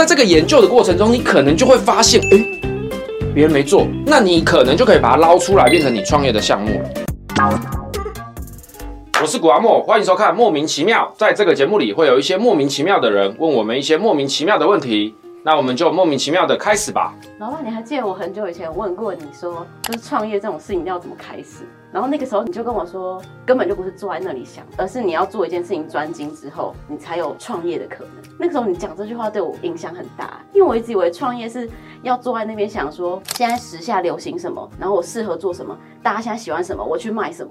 在這個研究的過程中，你可能就會發現，哎、欸，別人沒做，那你可能就可以把它撈出來，變成你創業的項目了。我是谷阿莫，歡迎收看《莫名其妙》。在這個節目裡，會有一些莫名其妙的人問我們一些莫名其妙的問題。那我們就莫名其妙的開始吧。老爸，你還記得我很久以前問過你說，就是創業這種事情要怎麼開始？然後那個時候你就跟我說，根本就不是坐在那裡想，而是你要做一件事情專精之後，你才有創業的可能。那個時候你講這句話對我影響很大，因為我一直以為創業是要坐在那邊想說現在時下流行什麼，然後我適合做什麼，大家現在喜歡什麼，我去賣什麼。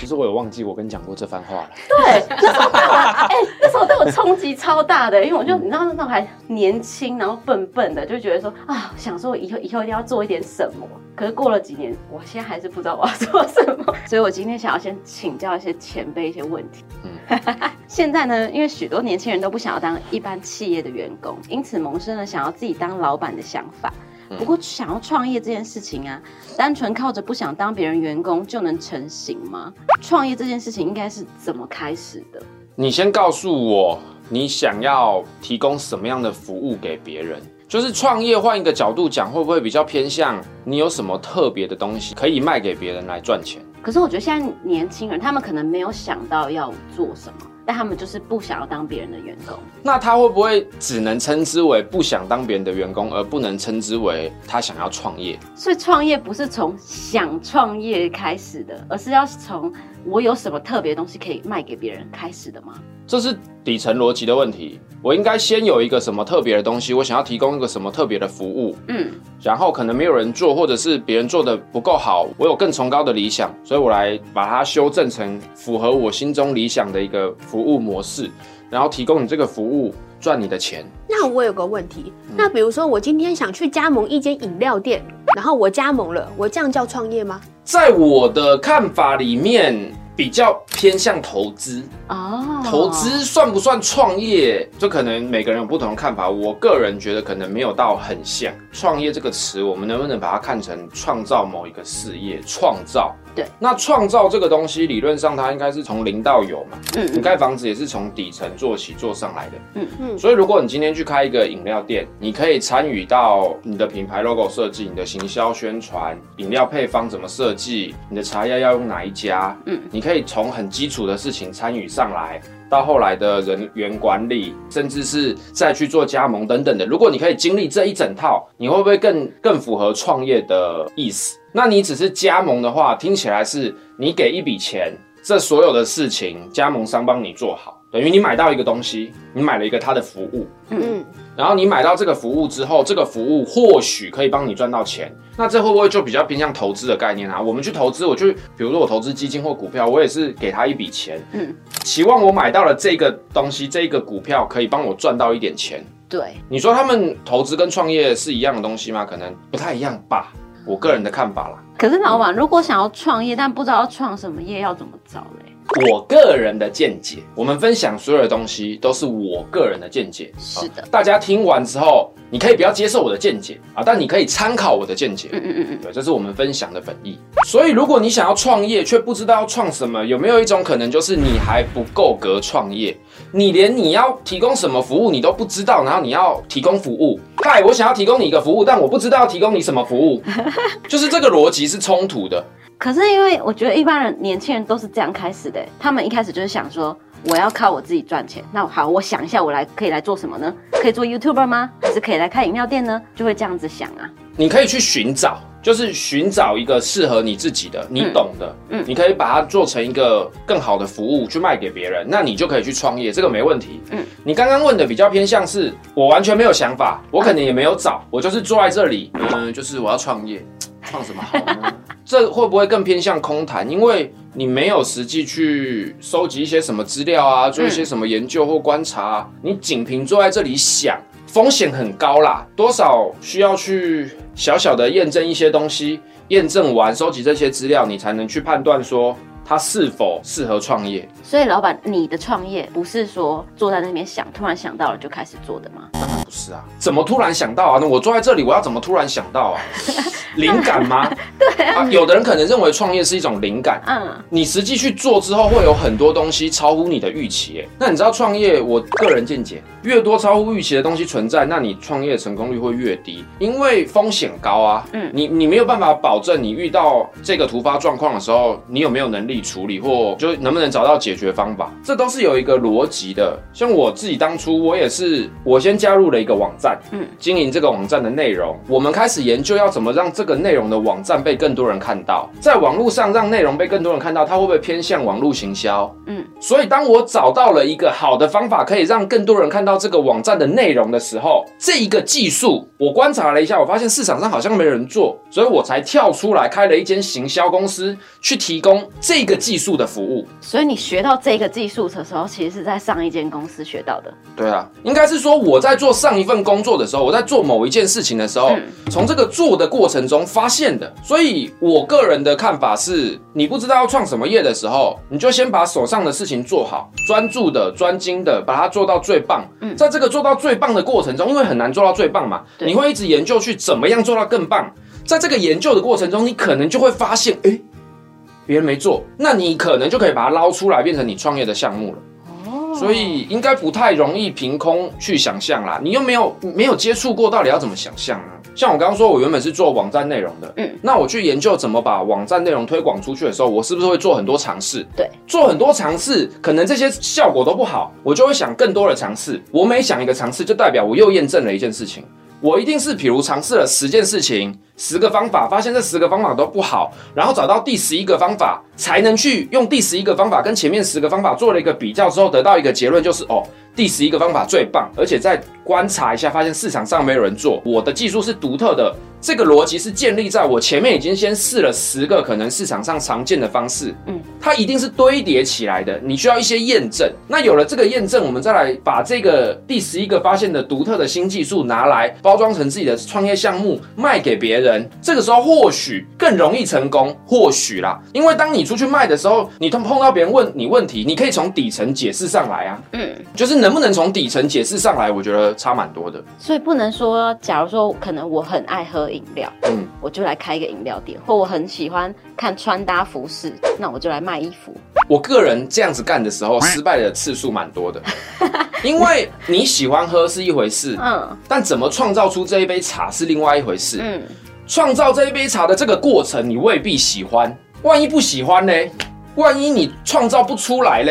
其實我有忘記我跟你講過這番話了。對，那時候對我，、欸、那時候對我衝擊超大的，因為我就、嗯、你知道那時候還年輕，然後笨笨的，就覺得說啊、哦，想說我以後以後一定要做一點什麼。可是過了幾年，我現在還是不知道我要做什麼。所以我今天想要先請教一些前輩一些問題。嗯， 現在呢，因為許多年輕人都不想要當一般企業的員工，因此萌生了想要自己當老闆的想法。嗯、不過，想要創業這件事情啊，單純靠着不想當別人員工就能成型嗎？創業這件事情應該是怎麼開始的？你先告訴我，你想要提供什麼樣的服務給別人？就是創業，換一個角度講，會不會比較偏向你有什麼特別的東西可以賣給別人來賺錢？可是我覺得現在年輕人，他們可能沒有想到要做什麼。他們就是不想要當別人的員工，那他會不會只能稱之為不想當別人的員工，而不能稱之為他想要創業？所以創業不是從想創業開始的，而是要從。我有什麼特別東西可以賣給別人開始的嗎？這是底層邏輯的問題。我應該先有一個什麼特別的東西，我想要提供一個什麼特別的服務，嗯，然後可能沒有人做，或者是別人做得不夠好，我有更崇高的理想，所以我來把它修正成符合我心中理想的一個服務模式，然後提供你這個服務。賺你的錢。那我有個問題，那比如說我今天想去加盟一間飲料店，然後我加盟了，我這樣叫創業嗎？在我的看法裡面，比較偏向投資哦，oh. 投資算不算創業？就可能每個人有不同的看法。我個人覺得可能沒有到很像創業這個詞，我們能不能把它看成創造某一個事業，創造？對，那創造這個東西，理論上它應該是從零到有嘛。嗯，你蓋房子也是從底層做起，做上來的。嗯嗯。所以如果你今天去開一個飲料店，你可以參與到你的品牌 logo 設計、你的行銷宣傳、飲料配方怎麼設計、你的茶葉要用哪一家。嗯，你可以從很基礎的事情參與上來，到後來的人員管理，甚至是再去做加盟等等的。如果你可以經歷這一整套，你會不會更更符合創業的意思？那你只是加盟的話，聽起來是你給一筆錢，這所有的事情加盟商幫你做好，等於你買到一個東西，你買了一個他的服務，嗯，然後你買到這個服務之後，這個服務或許可以幫你賺到錢，那這會不會就比較偏向投資的概念啊？我們去投資，我去比如說我投資基金或股票，我也是給他一筆錢，嗯，期望我買到了這個東西，這個股票可以幫我賺到一點錢。對，你說他們投資跟創業是一樣的東西嗎？可能不太一樣吧。我個人的看法啦。可是，老闆如果想要創業，嗯、但不知道要創什麼業，要怎麼找？我個人的見解，我們分享所有的東西都是我個人的見解。是的，大家聽完之後，你可以不要接受我的見解啊，但你可以參考我的見解。嗯嗯嗯對，這是我們分享的本意。所以，如果你想要創業卻不知道要創什麼，有沒有一種可能就是你還不夠格創業？你連你要提供什麼服務你都不知道，然後你要提供服務，嗨，我想要提供你一個服務，但我不知道要提供你什麼服務， 就是這個邏輯是衝突的。可是因為我覺得一般人年輕人都是這樣開始的，他們一開始就是想說我要靠我自己賺錢。那好，我想一下，我來可以來做什麼呢？可以做 YouTuber 嗎？還是可以來開飲料店呢？就會這樣子想啊。你可以去尋找，就是尋找一個適合你自己的，你懂的嗯。嗯，你可以把它做成一個更好的服務去賣給別人，那你就可以去創業，這個沒問題。嗯，你剛剛問的比較偏向是，我完全沒有想法，我可能也沒有找、啊，我就是坐在這裡，嗯，就是我要創業。放什麼好呢？ 這會不會更偏向空談？因為你沒有實際去收集一些什麼資料啊，做一些什麼研究或觀察啊，嗯，你僅憑坐在這裡想，風險很高啦。多少需要去小小的驗證一些東西，驗證完收集這些資料，你才能去判斷說。他是否適合創業？所以老闆，你的創業不是說坐在那邊想，突然想到了就開始做的嗎？當然不是啊，怎麼突然想到啊？那我坐在這裡，我要怎麼突然想到啊？靈 感嗎？ 對啊。啊。有的人可能認為創業是一種靈感。啊， 你實際去做之後，會有很多東西超乎你的預期欸。那你知道創業，我個人見解，越多超乎預期的東西存在，那你創業成功率會越低，因為風險高啊。嗯。你你沒有辦法保證你遇到這個突發狀況的時候，你有沒有能力？處理或就能不能找到解決方法，這都是有一個邏輯的。像我自己當初，我也是我先加入了一個網站，嗯，經營這個網站的內容。我們開始研究要怎麼讓這個內容的網站被更多人看到，在網絡上讓內容被更多人看到，它會不會偏向網絡行銷？嗯，所以當我找到了一個好的方法，可以讓更多人看到這個網站的內容的時候，這一個技術我觀察了一下，我發現市場上好像沒人做，所以我才跳出來開了一間行銷公司，去提供這個。這個技術的服務，所以你學到這個技術的時候，其實是在上一間公司學到的。對啊，應該是說我在做上一份工作的時候，我在做某一件事情的時候，從、嗯、這個做的過程中發現的。所以我個人的看法是，你不知道要創什麼業的時候，你就先把手上的事情做好，專注的、專精的把它做到最棒。嗯，在這個做到最棒的過程中，因為很難做到最棒嘛，你會一直研究去怎麼樣做到更棒。在這個研究的過程中，你可能就會發現，哎、欸。別人沒做，那你可能就可以把它撈出來，變成你創業的項目了。哦，所以應該不太容易憑空去想象啦。你又沒有沒有接觸過，到底要怎麼想象呢？像我剛剛說，我原本是做網站內容的，嗯，那我去研究怎麼把網站內容推廣出去的時候，我是不是會做很多嘗試？對，做很多嘗試，可能這些效果都不好，我就會想更多的嘗試。我每想一個嘗試，就代表我又驗證了一件事情。我一定是，比如嘗試了十件事情。十個方法，發現這十個方法都不好，然後找到第十一個方法，才能去用第十一個方法跟前面十個方法做了一個比較之後，得到一個結論，就是哦，第十一個方法最棒。而且再觀察一下，發現市場上沒有人做，我的技術是獨特的。這個邏輯是建立在我前面已經先試了十個可能市場上常見的方式，嗯，它一定是堆疊起來的。你需要一些驗證。那有了這個驗證，我們再來把這個第十一個發現的獨特的新技術拿來包裝成自己的創業項目，賣給別人。這個時候或許更容易成功，或許啦，因為當你出去賣的時候，你碰碰到別人問你問題，你可以從底層解釋上來啊。嗯，就是能不能從底層解釋上來，我覺得差蠻多的。所以不能說，假如說可能我很愛喝飲料，嗯，我就來開一個飲料店，或我很喜歡看穿搭服飾，那我就來賣衣服。我個人這樣子幹的時候，失敗的次數蠻多的。 因為你喜歡喝是一回事，嗯，但怎麼創造出這一杯茶是另外一回事，嗯。創造這一杯茶的這個過程，你未必喜歡。萬一不喜歡呢？萬一你創造不出來呢？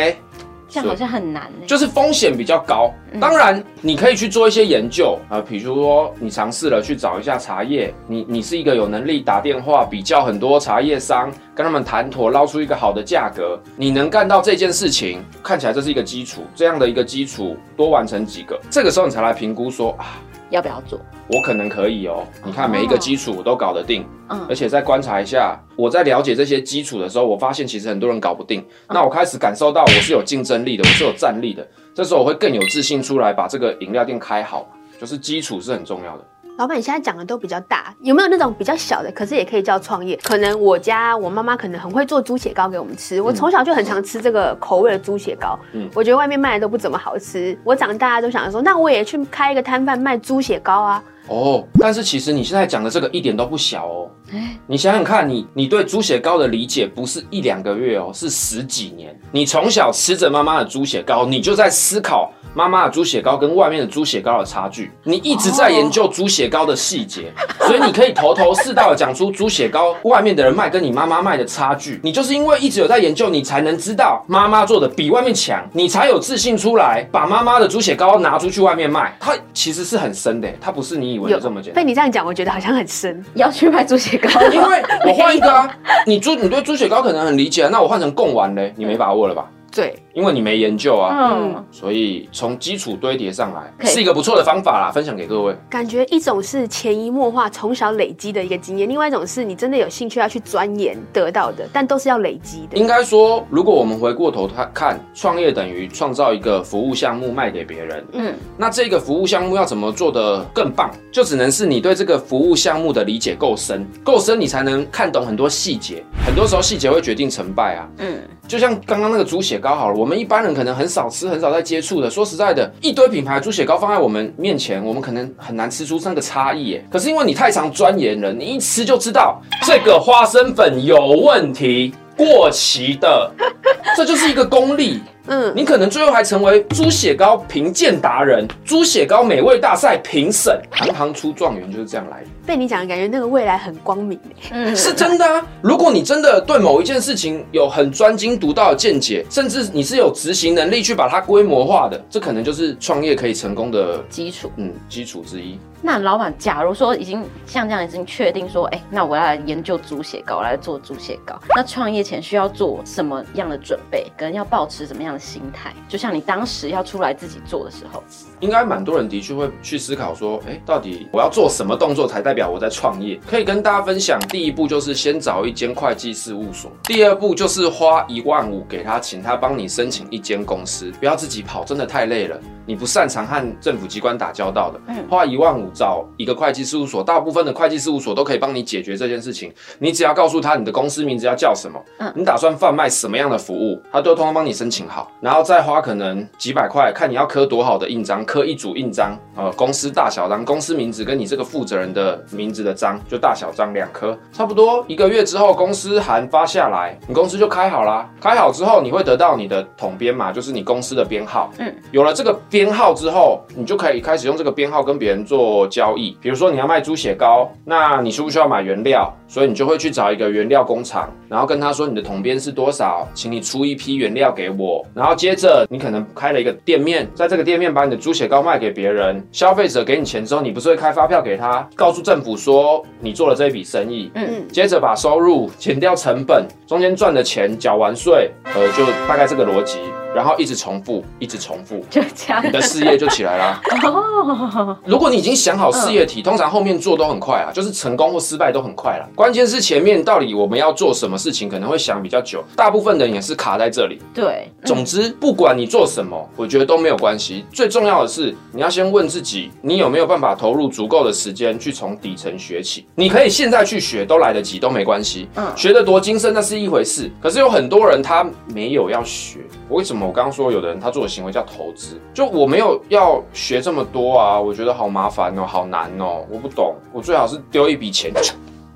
這樣好像很難。就是風險比較高。當然，你可以去做一些研究啊，比如說你嘗試了去找一下茶葉。你你是一個有能力打電話比較很多茶葉商，跟他們談妥撈出一個好的價格。你能幹到這件事情，看起來這是一個基礎。這樣的一個基礎，多完成幾個，這個時候你才來評估說啊。要不要做？我可能可以哦。你看每一個基礎我都搞得定，嗯，而且再觀察一下，我在了解這些基礎的時候，我發現其實很多人搞不定。那我開始感受到我是有競爭力的，我是有戰力的。這時候我會更有自信出來把這個飲料店開好，就是基礎是很重要的。老闆，你現在講的都比較大，有沒有那種比較小的？可是也可以叫創業。可能我家我媽媽可能很會做豬血糕給我們吃，我從小就很常吃這個口味的豬血糕。嗯，我覺得外面賣的都不怎麼好吃。嗯，我長大都想着說，那我也去開一個攤販賣豬血糕啊。哦，但是其實你現在講的這個一點都不小哦。欸、你想想看你，你你對豬血糕的理解不是一兩個月哦，是十幾年。你從小吃着媽媽的豬血糕，你就在思考媽媽的豬血糕跟外面的豬血糕的差距。你一直在研究豬血糕的細節，哦，所以你可以頭頭是道的講出豬血糕外面的人賣跟你媽媽賣的差距。你就是因為一直有在研究，你才能知道媽媽做的比外面強，你才有自信出來把媽媽的豬血糕拿出去外面賣。它其實是很深的，欸，它不是你以。有這麼講。被你這樣講，我覺得好像很深。要去賣豬血糕？ 因為我換一個啊， 你豬，你對豬血糕可能很理解，那我換成貢丸嘞，嗯，你沒把握了吧？對。因為你沒研究啊，嗯，所以從基礎堆疊上來是一個不錯的方法啦，分享給各位。感覺一種是潛移默化從小累積的一個經驗，另外一種是你真的有興趣要去鑽研得到的，但都是要累積的。應該說，如果我們回過頭看看創業等於創造一個服務項目賣給別人，嗯，那這個服務項目要怎麼做得更棒，就只能是你對這個服務項目的理解夠深，夠深你才能看懂很多細節，很多時候細節會決定成敗啊，嗯，就像剛剛那個豬血糕好了。我們一般人可能很少吃，很少在接觸的。說實在的，一堆品牌豬血糕放在我們面前，我們可能很難吃出那個差異。可是因為你太常鑽研了，你一吃就知道這個花生粉有問題，過期的， 這就是一個功力。嗯，你可能最後還成為豬血糕評鑑達人，豬血糕美味大賽評審，行行出狀元就是這樣來的。被你講的感覺那個未來很光明欸。嗯，是真的啊。如果你真的對某一件事情有很專精獨到的見解，甚至你是有執行能力去把它規模化的，這可能就是創業可以成功的基礎。嗯，基礎之一。那老闆，假如說已經像這樣已經確定說，哎、欸，那我要來研究豬血糕我來做豬血糕，那創業前需要做什麼樣的準備？可能要保持什麼樣的？心態就像你當時要出來自己做的時候，應該蠻多人的確會去思考說，誒、欸，到底我要做什麼動作才代表我在創業？可以跟大家分享，第一步就是先找一間會計事務所，第二步就是花一萬五給他，請他幫你申請一間公司，不要自己跑，真的太累了，你不擅長和政府機關打交道的，嗯，花一萬五找一個會計事務所，大部分的會計事務所都可以幫你解決這件事情，你只要告訴他你的公司名字要叫什麼，嗯，你打算販賣什麼樣的服務，他都要通通幫你申請好。然後再花可能幾百塊，看你要刻多好的印章，刻一組印章，呃，公司大小章，公司名字跟你這個負責人的名字的章，就大小章兩顆，差不多一個月之後，公司函發下來，你公司就開好啦。開好之後，你會得到你的統編嘛，就是你公司的編號。嗯，有了這個編號之後，你就可以開始用這個編號跟別人做交易。比如說你要賣豬血糕，那你需不需要買原料？所以你就會去找一個原料工廠，然後跟他說你的統編是多少，請你出一批原料給我。然後接着，你可能開了一個店面，在這個店面把你的豬血糕賣給別人，消費者給你錢之後，你不是會開發票給他，告訴政府說你做了這一筆生意，嗯，接着把收入減掉成本，中間賺的錢繳完稅，呃，就大概這個邏輯。然後一直重複，一直重複，就這樣。你的事業就起來啦、 哦。如果你已經想好事業體，通常後面做都很快啊，就是成功或失敗都很快啦。關鍵是前面到底我們要做什麼事情，可能會想比較久。大部分人也是卡在這裡。對，總之不管你做什麼，我覺得都沒有關係。最重要的是你要先問自己，你有沒有辦法投入足夠的時間去從底層學起？你可以現在去學，都來得及，都沒關係。嗯，學得多精深那是一回事，可是有很多人他沒有要學，我為什麼？我剛剛說，有的人他做的行為叫投資，就我沒有要學這麼多啊，我覺得好麻煩哦、喔，好難哦、喔，我不懂，我最好是丟一筆錢，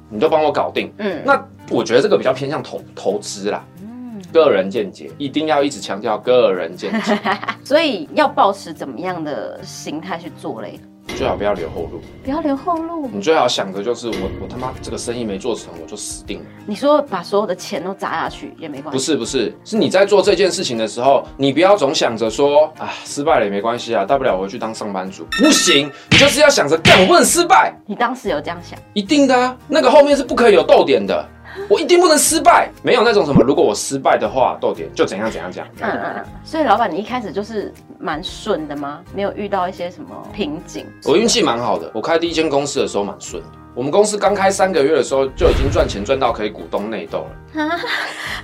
你都幫我搞定。嗯，那我覺得這個比較偏向投投資啦，嗯，個人見解，一定要一直強調個人見解。 所以要抱持怎麼樣的心態去做嘞？你最好不要留後路。不要留後路。你最好想着就是我，我我他媽這個生意沒做成，我就死定了。你說把所有的錢都砸下去也沒關係。不是不是，是你在做這件事情的時候，你不要總想着說啊，失敗了也沒關係啊，大不了回去當上班族。不行，你就是要想着幹，問失敗。你當時有這樣想？一定的啊，那個後面是不可以有逗點的。 我一定不能失敗，沒有那種什麼，如果我失敗的話，豆點就怎樣怎樣怎樣 嗯嗯、啊、嗯，所以老闆，你一開始就是蠻順的嗎？沒有遇到一些什麼瓶頸？我運氣蠻好的，我開第一間公司的時候蠻順。我們公司剛開三個月的時候就已經賺錢賺到可以股東內鬥了、啊。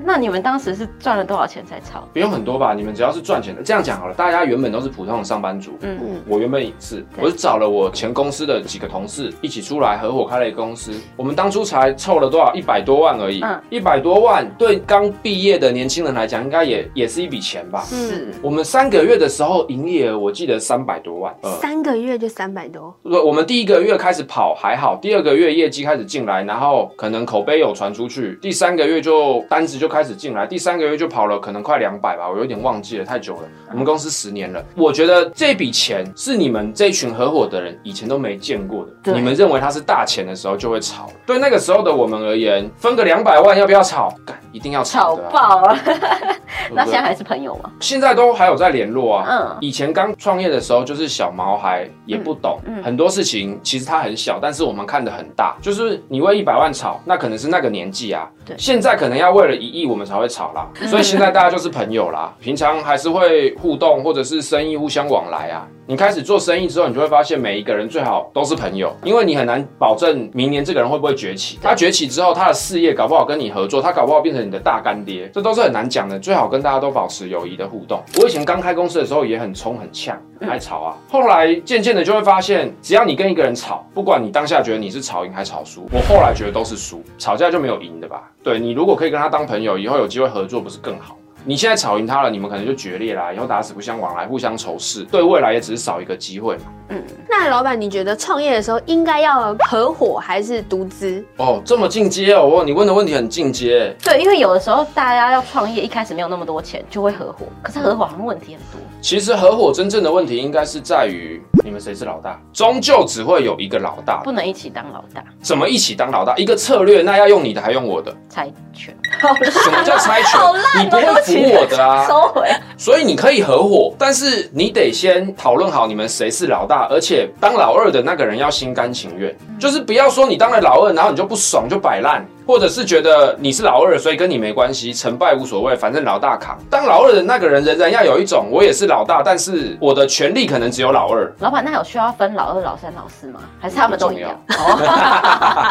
那你們當時是賺了多少錢才炒？不用很多吧？你們只要是賺錢的，這樣講好了。大家原本都是普通的上班族，嗯，嗯，我原本也是，我是找了我前公司的幾個同事一起出來合夥開了一個公司。我們當初才湊了多少？一百多萬而已，一、嗯、百多萬對剛畢業的年輕人來講，應該也也是一筆錢吧？是我們三個月的時候營業額，我記得三百多萬、嗯，三個月就三百多對。我們第一個月開始跑還好，第二。第二個月業績開始進來，然後可能口碑有傳出去。第三個月就單子就開始進來，第三個月就跑了，可能快兩百吧，我有點忘記了，太久了。我們公司十年了。我覺得這筆錢是你們這群合夥的人以前都沒見過的，你們認為他是大錢的時候就會吵。對那個時候的我們而言，分個兩百萬要不要吵？一定要吵爆啊。 那現在還是朋友嗎？現在都還有在聯絡啊。嗯，以前剛創業的時候就是小毛孩，也不懂很多事情。其實他很小，但是我們看得很大。就是你為一百萬吵，那可能是那個年紀啊。對，現在可能要為了一億，我們才會吵啦。所以現在大家就是朋友啦，平常還是會互動，或者是生意互相往來啊。你開始做生意之後，你就會發現每一個人最好都是朋友，因為你很難保證明年這個人會不會崛起。他崛起之後，他的事業搞不好跟你合作，他搞不好變成。你的大乾爹，這都是很難講的，最好跟大家都保持友誼的互動。我以前剛開公司的時候也很衝很嗆，很愛吵啊、嗯。後來漸漸的就會發現，只要你跟一個人吵，不管你當下覺得你是吵贏還吵輸，我後來覺得都是輸。吵架就沒有贏的吧？對，你如果可以跟他當朋友，以後有機會合作不是更好？你現在吵贏他了，你們可能就決裂啦，以後打死不相往來，互相仇視，對未來也只是少一個機會嘛。嗯，那老板，你覺得創業的時候應該要合夥還是獨資？哦，這麼進階哦，我問你問的問題很進階。對，因為有的時候大家要創業，一開始沒有那麼多錢，就會合夥。可是合夥好像問題很多。哦、其實合夥真正的問題應該是在於你們誰是老大，終究只會有一個老大，不能一起當老大。怎麼一起當老大？一個策略，那要用你的，還用我的？猜拳。好、啊，什麼叫猜拳、啊？你不會我的啊,收回啊，所以你可以合夥，但是你得先討論好你們誰是老大，而且當老二的那個人要心甘情願，嗯，就是不要說你當了老二，然後你就不爽就擺爛。或者是覺得你是老二，所以跟你沒關係，成敗無所謂，反正老大扛。當老二的那個人仍然要有一種，我也是老大，但是我的權力可能只有老二。老闆，那有需要分老二、老三、老四嗎？還是他們都沒有？嗯、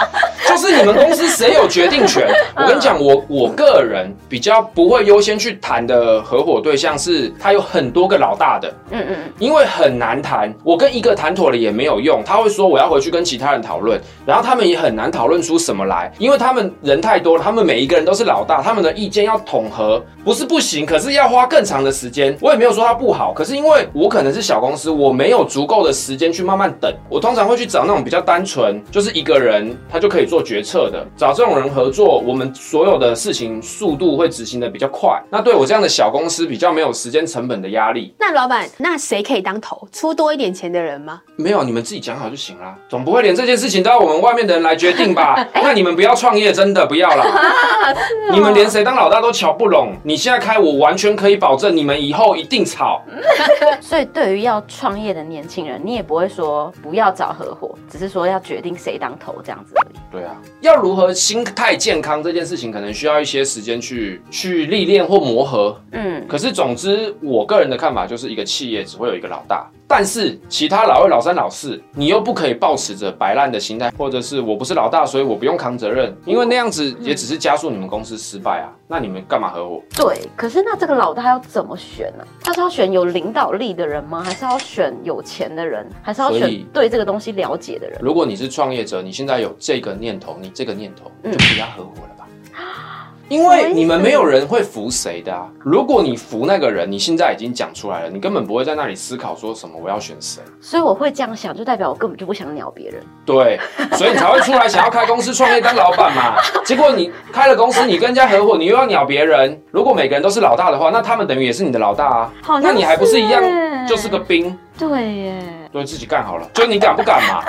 就是你們公司誰有決定權？我跟你講，我我個人比較不會優先去談的合夥對象是，他有很多個老大的。嗯嗯。因為很難談，我跟一個談妥了也沒有用，他會說我要回去跟其他人討論，然後他們也很難討論出什麼來，因為他們。人太多了，他們每一個人都是老大，他們的意見要統合，不是不行，可是要花更長的時間。我也沒有說他不好，可是因為我可能是小公司，我沒有足夠的時間去慢慢等。我通常會去找那種比較單純，就是一個人他就可以做決策的，找這種人合作，我們所有的事情速度會執行得比較快。那對我這樣的小公司比較沒有時間成本的壓力。那老板，那誰可以當頭？出多一點錢的人嗎？沒有，你們自己講好就行啦。總不會連這件事情都要我們外面的人來決定吧？ 那你們不要創業。真的不要了、 哦，你們連誰當老大都喬不攏。你現在開，我完全可以保證你們以後一定吵。 所以，對於要創業的年輕人，你也不會說不要找合夥，只是說要決定誰當頭這樣子而已。對啊，要如何心態健康這件事情，可能需要一些時間去去歷練或磨合。嗯，可是總之，我個人的看法就是一個企業只會有一個老大，但是其他老二、老三、老四，你又不可以抱持着擺爛的心態，或者是我不是老大，所以我不用扛責任，因為。那樣子也只是加速你們公司失敗啊！嗯、那你們幹嘛合夥？對，可是那這個老大要怎麼選呢、啊？他是要選有領導力的人嗎？還是要選有錢的人？還是要選對這個東西了解的人？如果你是創業者，你現在有這個念頭，你這個念頭就不要合夥了吧。嗯嗯因為你們沒有人會服誰的啊！如果你服那個人，你現在已經講出來了，你根本不會在那裡思考說什麼我要選誰。所以我會這樣想，就代表我根本就不想鳥別人。對，所以你才會出來想要開公司創業當老闆嘛。結果你開了公司，你跟人家合夥，你又要鳥別人。如果每個人都是老大的話，那他們等於也是你的老大啊。欸、那你還不是一樣，就是個兵。對耶，對自己幹好了，就你敢不敢嘛？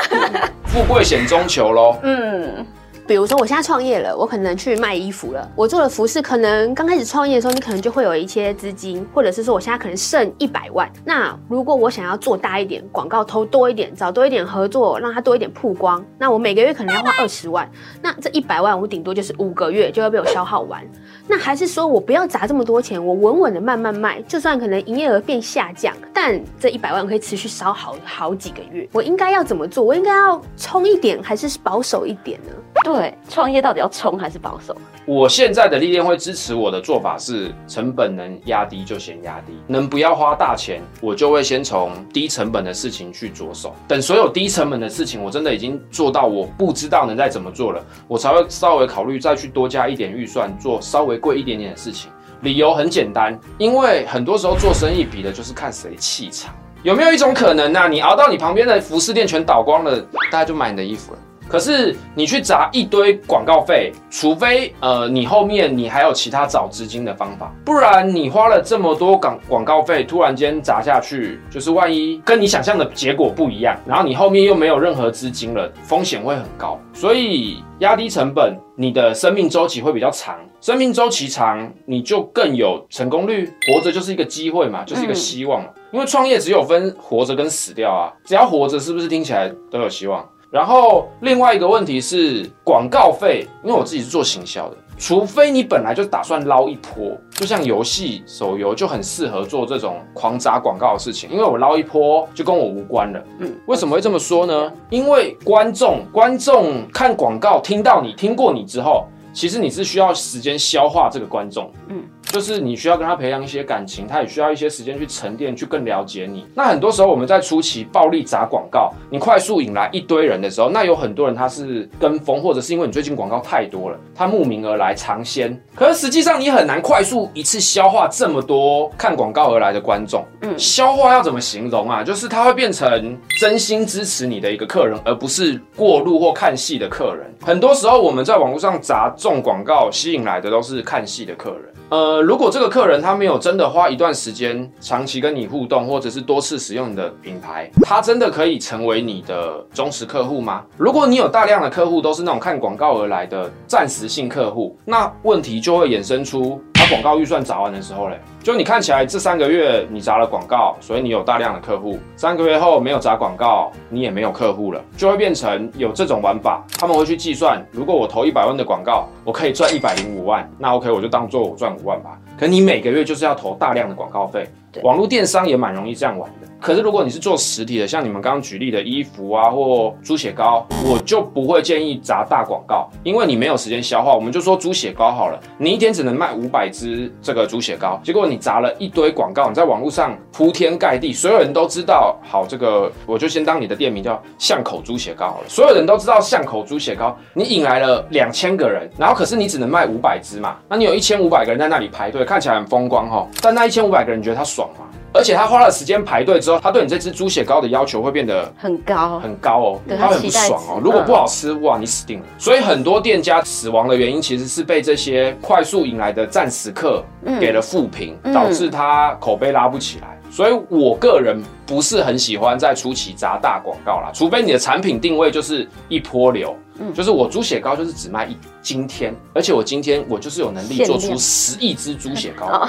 富貴險中求嘍。嗯。比如說，我現在創業了，我可能去賣衣服了。我做了服飾，可能剛開始創業的時候，你可能就會有一些資金，或者是說，我現在可能剩一百萬。那如果我想要做大一點，廣告投多一點，找多一點合作，讓它多一點曝光，那我每個月可能要花二十萬。那這一百萬，我頂多就是五個月就會被我消耗完。那還是說我不要砸這麼多錢，我穩穩的慢慢賣，就算可能營業額變下降，但這一百萬可以持續燒好好幾個月。我應該要怎麼做？我應該要衝一點，還是保守一點呢？對，創業到底要衝還是保守？我現在的歷練會支持我的做法是，成本能壓低就先壓低，能不要花大錢，我就會先從低成本的事情去着手。等所有低成本的事情我真的已經做到，我不知道能再怎麼做了，我才會稍微考慮再去多加一點預算做稍微，貴一點點的事情，理由很簡單，因為很多時候做生意比的就是看誰氣場。有沒有一種可能呢、啊？你熬到你旁邊的服飾店全倒光了，大家就買你的衣服了？可是你去砸一堆廣告費，除非呃你後面你還有其他找資金的方法，不然你花了這麼多廣廣告費，突然間砸下去，就是萬一跟你想象的結果不一樣，然後你後面又沒有任何資金了，風險會很高。所以壓低成本，你的生命週期會比較長，生命週期長，你就更有成功率。活着就是一個機會嘛，就是一個希望嘛。因為創業只有分活着跟死掉啊，只要活着，是不是聽起來都有希望？然後另外一個問題是廣告費，因為我自己是做行銷的，除非你本來就打算撈一波，就像遊戲手遊就很適合做這種狂砸廣告的事情，因為我撈一波就跟我無關了。嗯，為什麼會這麼說呢？因為觀眾觀眾看廣告聽到你聽過你之後，其實你是需要時間消化這個觀眾。嗯。就是你需要跟他培養一些感情，他也需要一些時間去沉澱，去更了解你。那很多時候我們在初期暴力砸廣告，你快速引來一堆人的時候，那有很多人他是跟風，或者是因為你最近廣告太多了，他慕名而來嘗鮮。可是實際上你很難快速一次消化這麼多看廣告而來的觀眾。嗯，消化要怎麼形容啊？就是他會變成真心支持你的一個客人，而不是過路或看戲的客人。很多時候我們在網絡上砸重廣告，吸引來的都是看戲的客人。呃，如果這個客人他沒有真的花一段時間、長期跟你互動，或者是多次使用你的品牌，他真的可以成為你的忠實客戶嗎？如果你有大量的客戶都是那種看廣告而來的暫時性客戶，那問題就會衍生出。廣告預算砸完的時候嘞，就你看起來這三個月你砸了廣告，所以你有大量的客戶。三個月後沒有砸廣告，你也沒有客戶了，就會變成有這種玩法。他們會去計算，如果我投一百萬的廣告，我可以賺一百零五萬，那 OK 我就當做我賺五萬吧。可你每個月就是要投大量的廣告費。對，網絡電商也蠻容易這樣玩的，可是如果你是做實體的，像你們剛剛舉例的衣服啊或豬血糕，我就不會建議砸大廣告，因為你沒有時間消化。我們就說豬血糕好了，你一天只能賣五百只這個豬血糕，結果你砸了一堆廣告，你在網絡上鋪天蓋地，所有人都知道。好，這個我就先當你的店名叫巷口豬血糕好了，所有人都知道巷口豬血糕，你引來了兩千個人，然後可是你只能賣五百只嘛，那你有一千五百個人在那裡排隊，看起來很風光哈，但那一千五百個人覺得他爽。而且他花了時間排隊之後，他對你這支豬血糕的要求會變得很高，哦，很高哦，他很不爽哦。如果不好吃，哇，你死定了，嗯。所以很多店家死亡的原因其實是被這些快速引來的暫時客給了負評，嗯，導致他口碑拉不起來，嗯。所以我個人不是很喜歡在初期砸大廣告啦，除非你的產品定位就是一波流。就是我豬血糕就是只賣一今天，而且我今天我就是有能力做出十億只豬血糕，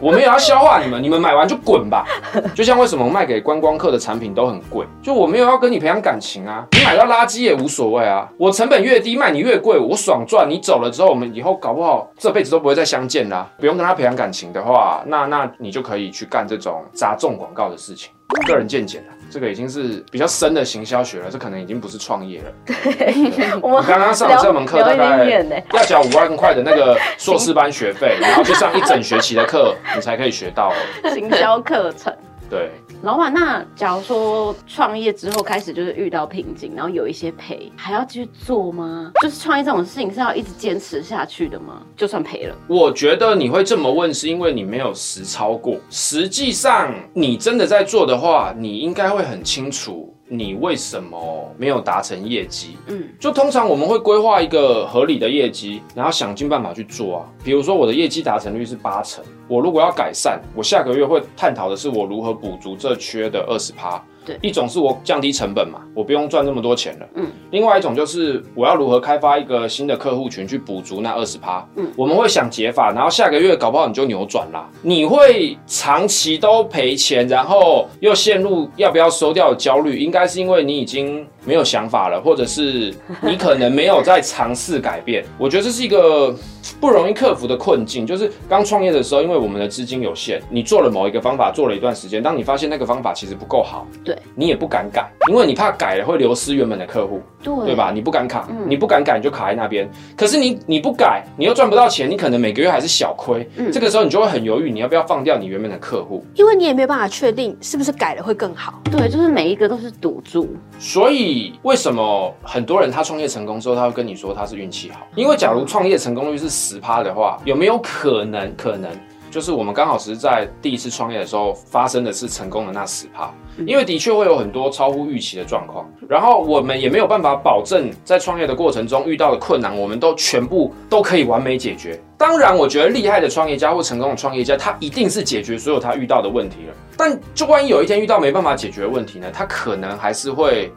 我沒有要消化你們，你們買完就滾吧。就像為什麼賣給觀光客的產品都很貴，就我沒有要跟你培養感情啊，你買到垃圾也無所謂啊。我成本越低賣你越貴，我爽賺。你走了之後，我們以後搞不好這輩子都不會再相見啦、啊。不用跟他培養感情的話，那那你就可以去幹這種砸重廣告的事情。個人見解啊。這個已經是比較深的行銷學了，這可能已經不是創業了。對，我剛剛上了這門課，大概要交五萬塊的那個碩士班學費，然後就上一整學期的課， 你才可以學到了行銷課程。對，老闆，那假如說創業之後開始就是遇到瓶頸，然後有一些賠，還要繼續做嗎？就是創業這種事情是要一直堅持下去的嗎？就算賠了，我覺得你會這麼問，是因為你沒有實操過。實際上，你真的在做的話，你應該會很清楚。你為什麼沒有達成業績？嗯，就通常我們會規劃一個合理的業績，然後想盡辦法去做啊。比如說我的業績達成率是八成，我如果要改善，我下個月會探討的是我如何補足這缺的二十趴。一種是我降低成本嘛，我不用賺那麼多錢了。嗯。另外一種就是我要如何開發一個新的客戶群去補足那二十趴。嗯。我們會想解法，然後下個月搞不好你就扭轉啦。你會長期都賠錢，然後又陷入要不要收掉的焦慮。應該是因為你已經沒有想法了，或者是你可能沒有在嘗試改變。 我覺得這是一個不容易克服的困境。就是剛創業的時候，因為我們的資金有限，你做了某一個方法做了一段時間，當你發現那個方法其實不夠好，對。你也不敢改，因為你怕改了會流失原本的客戶，對，對吧？你不敢卡，嗯、你不敢改，你就卡在那邊。可是你你不改，你又賺不到錢，你可能每個月還是小虧，嗯。這個時候你就會很猶豫，你要不要放掉你原本的客戶？因為你也沒有辦法確定是不是改了會更好。對，就是每一個都是賭注。所以為什麼很多人他創業成功之後，他會跟你說他是運氣好？因為假如創業成功率是十趴的話，有沒有可能？可能。就是我們剛好是在第一次創業的時候發生的是成功的那十趴，因為的確會有很多超乎預期的狀況，然後我們也沒有辦法保證在創業的過程中遇到的困難，我們都全部都可以完美解決。當然，我覺得厲害的創業家或成功的創業家，他一定是解決所有他遇到的問題了。但就萬一有一天遇到沒辦法解決的問題呢？他可能還是會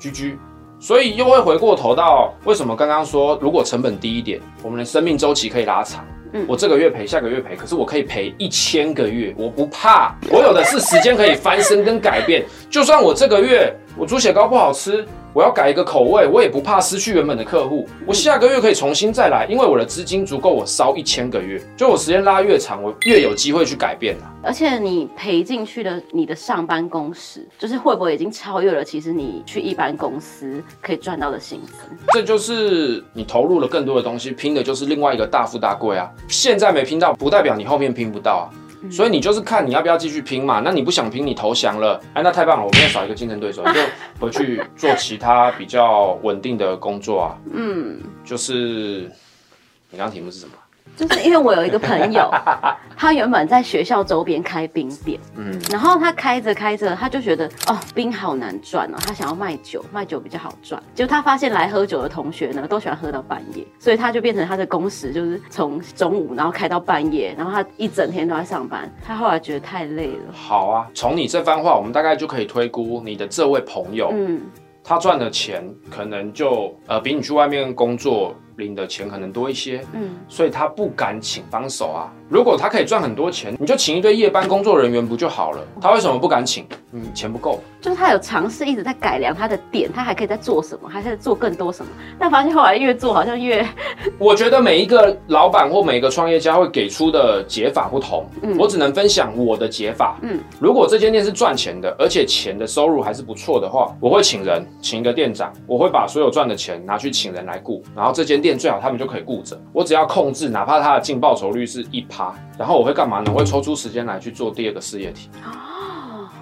GG。所以又會回過頭到為什麼剛剛說如果成本低一點，我們的生命週期可以拉長。我這個月賠，下個月賠，可是我可以賠一千個月，我不怕。我有的是時間可以翻身跟改變，就算我這個月。我豬血糕不好吃，我要改一個口味，我也不怕失去原本的客戶。嗯、我下個月可以重新再來，因為我的資金足夠我燒一千個月。就我時間拉越長，我越有機會去改變、啊、而且你賠進去的，你的上班工時，就是會不會已經超越了？其實你去一般公司可以賺到的薪資，這就是你投入了更多的東西，拼的就是另外一個大富大貴啊。現在沒拼到，不代表你後面拼不到啊。所以你就是看你要不要繼續拼嘛？那你不想拼，你投降了。哎、啊，那太棒了，我們少一個競爭對手， 你就回去做其他比較穩定的工作啊。嗯 就是你剛題目是什麼？就是因為我有一個朋友， 他原本在學校周邊開冰店，嗯，然後他開着開着，他就覺得哦，冰好難賺哦，他想要賣酒，賣酒比較好賺。結果他發現來喝酒的同學呢，都喜歡喝到半夜，所以他就變成他的工時就是從中午然後開到半夜，然後他一整天都在上班。他後來覺得太累了。好啊，從你這番話，我們大概就可以推估你的這位朋友，嗯，他賺的錢可能就呃比你去外面工作，領的錢可能多一些，嗯，所以他不敢請幫手啊。如果他可以賺很多錢，你就請一堆夜班工作人員不就好了？他為什麼不敢請？嗯，錢不夠。就是他有嘗試一直在改良他的點，他還可以再做什麼？還是做更多什麼？但發現後來越做好像越……我覺得每一個老闆或每一個創業家會給出的解法不同，嗯，我只能分享我的解法，嗯。如果這間店是賺錢的，而且錢的收入還是不錯的話，我會請人，請一個店長，我會把所有賺的錢拿去請人來顧，然後這間。店最好，他們就可以顧着我，只要控制，哪怕他的淨報酬率是一趴，然後我會幹嘛呢？我會抽出時間來去做第二個事業體。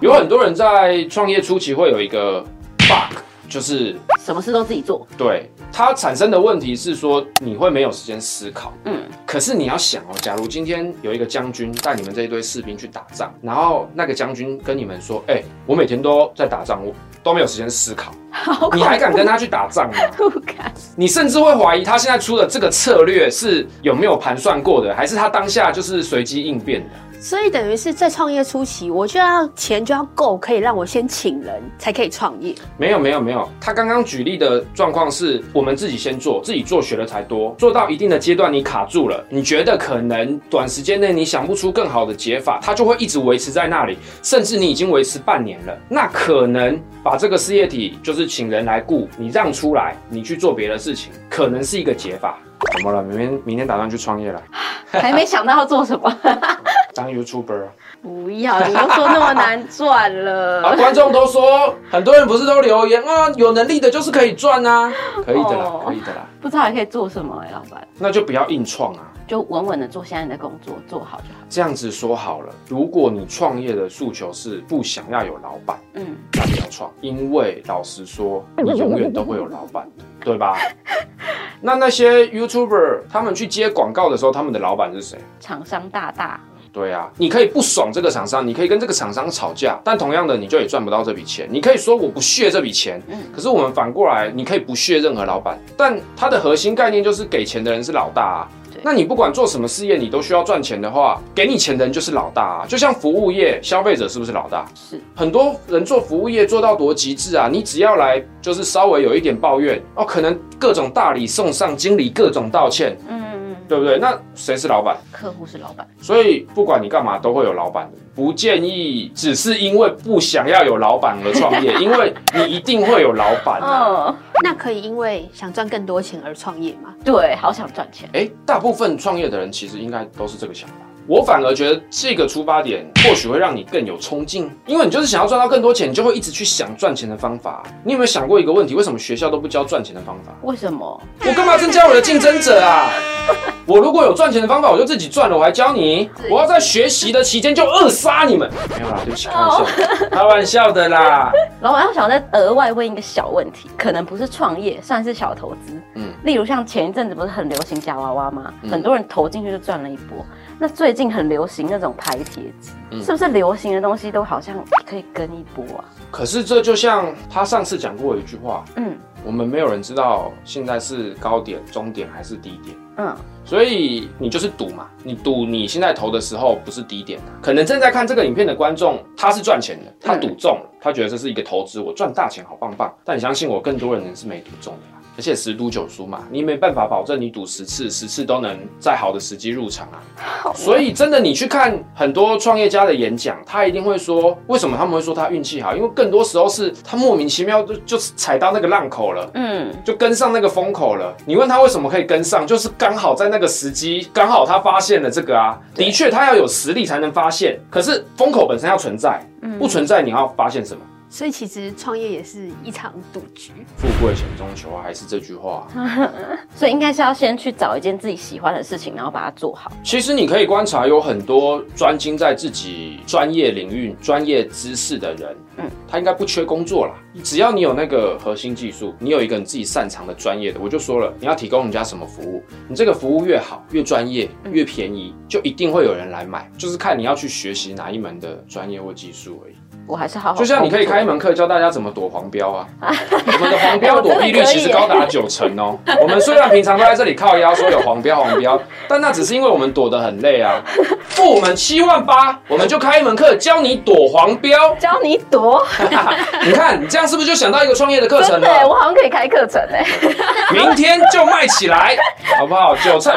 有很多人在創業初期會有一個 bug。就是什麼事都自己做，對，它產生的問題是說你會沒有時間思考，嗯，可是你要想哦，假如今天有一個將軍帶你們這一堆士兵去打仗，然後那個將軍跟你們說，哎，我每天都在打仗，我都沒有時間思考，好，你還敢跟他去打仗嗎？不敢，你甚至會懷疑他現在出的這個策略是有沒有盤算過的，還是他當下就是隨機應變的。所以等於是在創業初期，我就要錢就要夠，可以讓我先請人才可以創業。沒有沒有沒有，他剛剛舉例的狀況是，我們自己先做，自己做學的才多。做到一定的階段，你卡住了，你覺得可能短時間內你想不出更好的解法，他就會一直維持在那裡，甚至你已經維持半年了，那可能把這個事業體就是請人來顧，你讓出來，你去做別的事情，可能是一個解法。怎麼了？明天明天打算去創業了。還沒想到要做什麼。 當 YouTuber、啊、不要，你都說那麼難賺了。 啊、觀眾都說，很多人不是都留言啊，有能力的就是可以賺啊，可以的啦、哦，可以的啦。不知道還可以做什麼、欸，老闆？那就不要硬創啊，就穩穩的做現在的工作，做好就好。這樣子說好了，如果你創業的訴求是不想要有老闆，嗯，那不要創，因為老實說，你永遠都會有老闆的，對吧？ 那那些 YouTuber 他們去接廣告的時候，他們的老闆是誰？廠商大大。對啊，你可以不爽這個廠商，你可以跟這個廠商吵架，但同樣的，你就也賺不到這筆錢。你可以說我不屑這筆錢，嗯、可是我們反過來，你可以不屑任何老闆，但它的核心概念就是給錢的人是老大啊。啊。那你不管做什麼事業，你都需要賺錢的話，給你錢的人就是老大。啊。就像服務業，消費者是不是老大？是，很多人做服務業做到多極致啊！你只要來就是稍微有一點抱怨哦，可能各種大禮送上，經理各種道歉。嗯。對不對？那誰是老闆？客戶是老闆。所以不管你幹嘛，都會有老闆的。不建議只是因為不想要有老闆而創業，因為你一定會有老闆的啊。哦。那可以因為想賺更多錢而創業嗎？對，好想賺錢。哎，大部分創業的人其實應該都是這個想法。我反而覺得這個出發點或許會讓你更有衝勁，因為你就是想要賺到更多錢，你就會一直去想賺錢的方法。你有沒有想過一個問題？為什麼學校都不教賺錢的方法？為什麼？我幹嘛增加我的競爭者啊？ 我如果有賺錢的方法，我就自己賺了，我還教你？我要在學習的期間就扼殺你們？沒有啦，對不起開玩笑， 開玩笑的啦。然後我想再額外問一個小問題，可能不是創業，算是小投資。嗯，例如像前一陣子不是很流行夾娃娃嗎？嗯？很多人投進去就賺了一波。那最最近很流行那種拍貼機，嗯、是不是流行的東西都好像可以跟一波啊？可是這就像他上次講過一句話，嗯，我們沒有人知道現在是高點、中點還是低點，嗯，所以你就是賭嘛，你賭你現在投的時候不是低點，啊、可能正在看這個影片的觀眾，他是賺錢的，他賭中了，嗯，他覺得這是一個投資，我賺大錢，好棒棒。但你相信我，更多人是沒賭中的，啊。而且十賭九輸嘛，你沒辦法保證你賭十次，十次都能在好的時機入場啊、啊。所以真的，你去看很多創業家的演講，他一定會說，為什麼他們會說他運氣好？因為更多時候是他莫名其妙就就踩到那個浪口了，嗯，就跟上那個風口了。你問他為什麼可以跟上，就是剛好在那個時機，剛好他發現了這個啊。的確，他要有實力才能發現，可是風口本身要存在，不存在，你要發現什麼？嗯所以其實創業也是一場賭局，富貴險中求啊，還是這句話啊。 所以應該是要先去找一件自己喜歡的事情，然後把它做好。其實你可以觀察，有很多專精在自己專業領域、專業知識的人，嗯，他應該不缺工作啦。只要你有那個核心技術，你有一個你自己擅長的專業的，的我就說了，你要提供人家什麼服務，你這個服務越好、越專業、越便宜，嗯，就一定會有人來買。就是看你要去學習哪一門的專業或技術而已。我還是好，好，就像你可以開一門課教大家怎麼躲黃標啊。我、啊、們的黃標躲避率其實高達九成哦。 我， 我們雖然平常都在這裡靠腰說有黃標黃標，但那只是因為我們躲得很累啊。付我們七萬八，我們就開一門課，教你躲黃標，教你躲。 你看，你這樣是不是就想到一個創業的課程呢？就是欸，我好像可以開課程哎、欸， 明天就賣起來，好不好？韭菜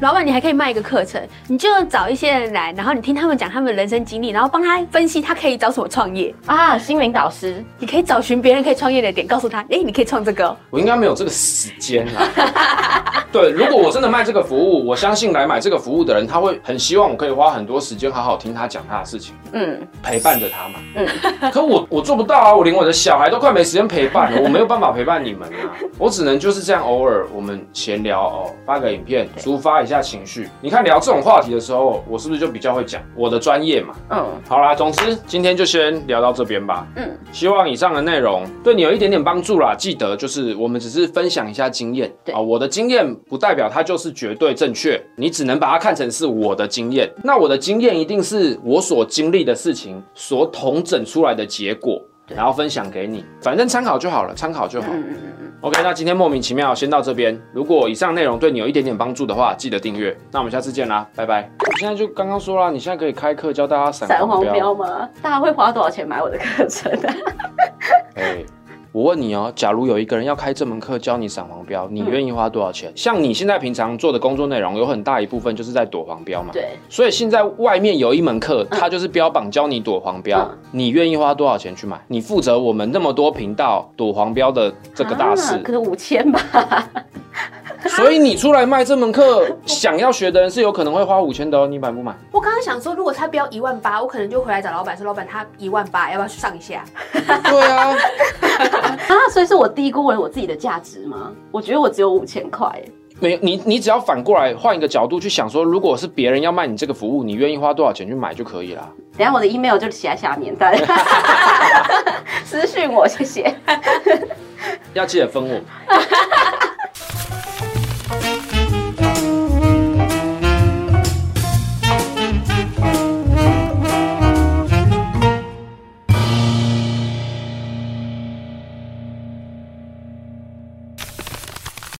老闆，你還可以賣一個課程，你就找一些人來，然後你聽他們講他們的人生經歷，然後幫他分析他可以找什麼創業啊，心靈導師，你可以找尋別人可以創業的點，告訴他，哎、欸，你可以創這個、哦。我應該沒有這個時間啊。 對，如果我真的賣這個服務，我相信來買這個服務的人，他會很希望我可以花很多時間好好聽他講他的事情，嗯，陪伴着他嘛，嗯，可我我做不到啊，我連我的小孩都快沒時間陪伴了、嗯，我沒有辦法陪伴你們啦、啊嗯，我只能就是這樣偶爾我們閒聊哦，發個影片抒發一下情緒。你看聊這種話題的時候，我是不是就比較會講我的專業嘛？嗯，好啦，總之今天就先聊到這邊吧。嗯，希望以上的內容對你有一點點幫助啦。記得就是我們只是分享一下經驗啊、哦，我的經驗。不代表它就是絕對正確，你只能把它看成是我的經驗。那我的經驗一定是我所經歷的事情所統整出來的結果，然後分享給你，反正參考就好了，參考就好。嗯嗯嗯 OK，那今天莫名其妙先到這邊。如果以上內容對你有一點點幫助的話，記得訂閱。那我們下次見啦，拜拜。我、哦、現在就剛剛說啦，你現在可以開課教大家閃黃標嗎？大家會花多少錢買我的課程、啊？哈哈哈哈。哎。我問你哦，假如有一個人要開這門課教你閃黃標，你願意花多少錢？嗯、像你現在平常做的工作內容，有很大一部分就是在躲黃標嘛。對。所以現在外面有一門課，它就是標榜教你躲黃標，嗯、你願意花多少錢去買？你負責我們那麼多頻道躲黃標的這個大事、啊，可能五千吧。 所以你出來賣這門課，想要學的人是有可能會花五千的喔，你買不買？我剛剛想說，如果他標一萬八，我可能就回來找老闆說，老闆他一萬八，要不要去上一下？ 對啊， 啊，所以是我低估了我自己的價值嗎？我覺得我只有五千塊，沒你，你只要反過來換一個角度去想說，如果是別人要賣你這個服務，你願意花多少錢去買就可以了。等一下我的 email 就寫寫面單， 私訊我，謝謝， 要記得分我。